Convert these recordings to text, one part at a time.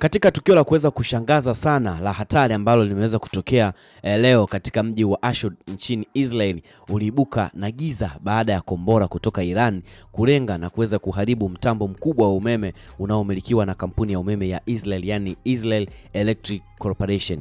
Katika tukio la kuweza kushangaza sana la hatari ambalo limeweza kutokea eh, leo katika mji wa Ashdod nchini Israel uliibuka na giza baada ya kombora kutoka Iran kulenga na kuweza kuharibu mtambo mkubwa wa umeme unaomilikiwa na kampuni ya umeme ya Israel, yani Israel Electric Corporation.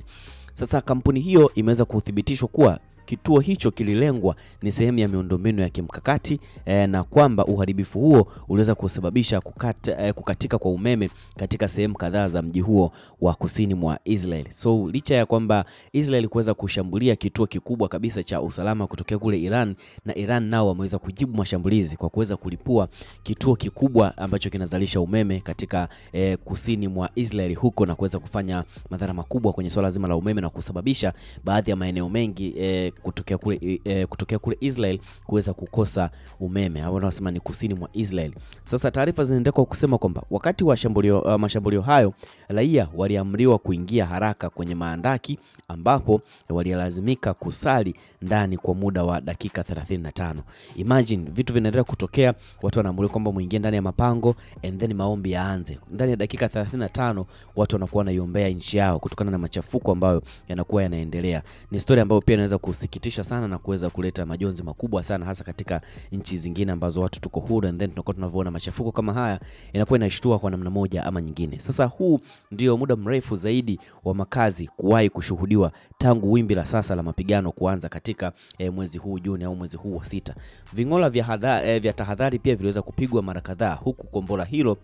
Sasa kampuni hiyo imeweza kuthibitishwa kuwa kituo hicho kililengwa ni sehemu ya miundombinu ya kimkakati eh, na kwamba uharibifu huo uliweza kusababisha kukata, eh, kukatika kwa umeme katika sehemu kadhaa za mji huo wa kusini mwa Israel. So licha ya kwamba Israel kuweza kushambulia kituo kikubwa kabisa cha usalama kutokea kule Iran, na Iran nao wameweza kujibu mashambulizi kwa kuweza kulipua kituo kikubwa ambacho kinazalisha umeme katika eh, kusini mwa Israel huko na kuweza kufanya madhara makubwa kwenye swala zima la umeme na kusababisha baadhi ya maeneo mengi eh, kutokea kule, e, kutokea kule Israel kuweza kukosa umeme au wanasema ni kusini mwa Israel. Sasa taarifa zinaendelea kwa kusema kwamba wakati wa shambulio, uh, mashambulio hayo raia waliamriwa kuingia haraka kwenye maandaki ambapo walilazimika kusali ndani kwa muda wa dakika 35. Imagine vitu vinaendelea kutokea, watu wanaamriwa kwamba muingie ndani ya mapango and then maombi yaanze. Ndani ya dakika 35 watu wanakuwa wanaiombea nchi yao kutokana na machafuko ambayo yanakuwa yanaendelea. Ni story ambayo pia inaweza kuhusu kusikitisha sana na kuweza kuleta majonzi makubwa sana hasa katika nchi zingine ambazo watu tuko huru and then tunakuwa tunavyoona machafuko kama haya, inakuwa inashtua kwa namna moja ama nyingine. Sasa huu ndio muda mrefu zaidi wa makazi kuwahi kushuhudiwa tangu wimbi la sasa la mapigano kuanza katika eh, mwezi huu Juni au mwezi huu wa sita. Ving'ola vya, eh, vya tahadhari pia viliweza kupigwa mara kadhaa huku kombora hilo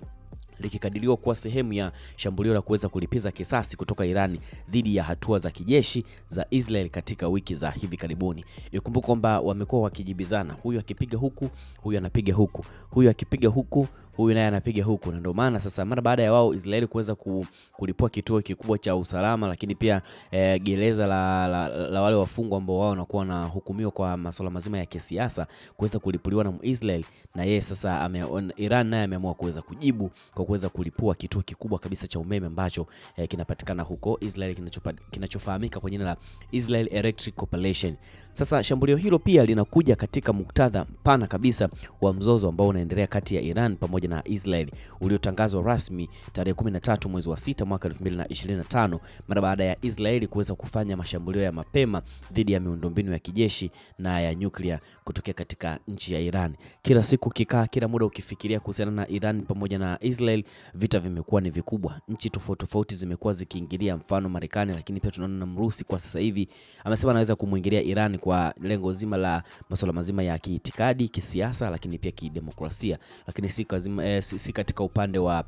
likikadiriwa kuwa sehemu ya shambulio la kuweza kulipiza kisasi kutoka Irani dhidi ya hatua za kijeshi za Israel katika wiki za hivi karibuni. ikumbuka kwamba wamekuwa wakijibizana, huyu akipiga huku, huyu anapiga huku, huyu akipiga huku, huyu naye anapiga huku, na ndio maana sasa mara baada ya wao Israeli kuweza kulipua kituo kikubwa cha usalama, lakini pia e, gereza la, la, la wale wafungwa ambao wao wanakuwa wanahukumiwa kwa masuala mazima ya kisiasa kuweza kulipuliwa na Israeli, na yeye sasa ame, Iran naye ameamua kuweza kujibu kwa kuweza kulipua kituo kikubwa kabisa cha umeme ambacho e, kinapatikana huko Israeli kinachofahamika kwa jina la Israel Electric Corporation. Sasa shambulio hilo pia linakuja katika muktadha mpana kabisa wa mzozo ambao unaendelea kati ya Iran pamoja na Israel uliotangazwa rasmi tarehe 13 mwezi wa 6 mwaka 2025 mara baada ya Israeli kuweza kufanya mashambulio ya mapema dhidi ya miundombinu ya kijeshi na ya nyuklia kutokea katika nchi ya Iran. Kila siku kikaa, kila muda ukifikiria kuhusiana na Iran pamoja na Israel, vita vimekuwa ni vikubwa. Nchi tofauti tofauti zimekuwa zikiingilia, mfano Marekani, lakini pia tunaona na Mrusi kwa sasa hivi amesema anaweza kumwingilia Iran kwa lengo zima la masuala mazima ya kiitikadi, kisiasa, lakini pia kidemokrasia, lakini si kazi Eh, si, si katika upande wa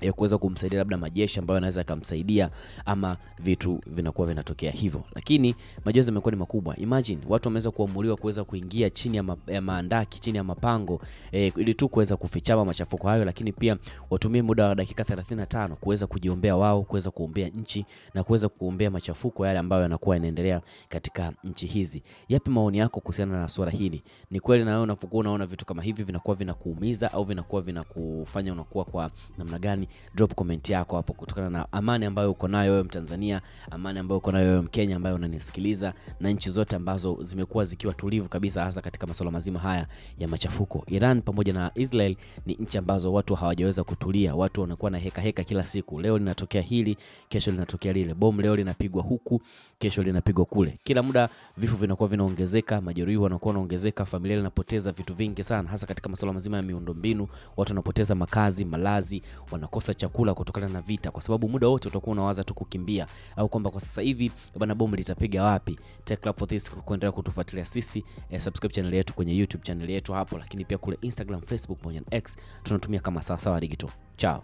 ya kuweza kumsaidia labda majeshi ambayo anaweza akamsaidia, ama vitu vinakuwa vinatokea hivyo, lakini majonzi yamekuwa ni makubwa. Imagine watu wameweza kuamuliwa kuweza kuingia chini ya, ma, ya maandaki chini ya mapango e, ili tu kuweza kufichama machafuko hayo, lakini pia watumie muda wa dakika 35 kuweza kujiombea wao, kuweza kuombea nchi na kuweza kuombea machafuko yale ambayo yanakuwa yanaendelea katika nchi hizi. Yapi maoni yako kuhusiana na swala hili? Ni kweli na wewe unapokuwa unaona vitu kama hivi vinakuwa vinakuumiza au vinakuwa vinakufanya unakuwa kwa namna gani? drop comment yako hapo, kutokana na amani ambayo uko nayo wewe Mtanzania, amani ambayo uko nayo wewe Mkenya ambayo unanisikiliza, na nchi zote ambazo zimekuwa zikiwa tulivu kabisa, hasa katika masuala mazima haya ya machafuko. Iran pamoja na Israel ni nchi ambazo watu hawajaweza kutulia, watu wanakuwa na heka heka kila siku. Leo linatokea hili, kesho linatokea lile, bom leo linapigwa huku, kesho linapigwa kule. Kila muda vifo vinakuwa vinaongezeka, majeruhi wanakuwa wanaongezeka, familia linapoteza vitu vingi sana, hasa katika masuala mazima ya miundombinu, watu wanapoteza makazi, malazi wanakuwa kukosa chakula kutokana na vita, kwa sababu muda wote utakuwa unawaza tu kukimbia au kwamba kwa sasa hivi bwana bomu litapiga wapi. Take club for this kuendelea kutufuatilia sisi eh, subscribe channel yetu kwenye YouTube channel yetu hapo, lakini pia kule Instagram, Facebook pamoja na X tunatumia kama sawasawa digital. Chao.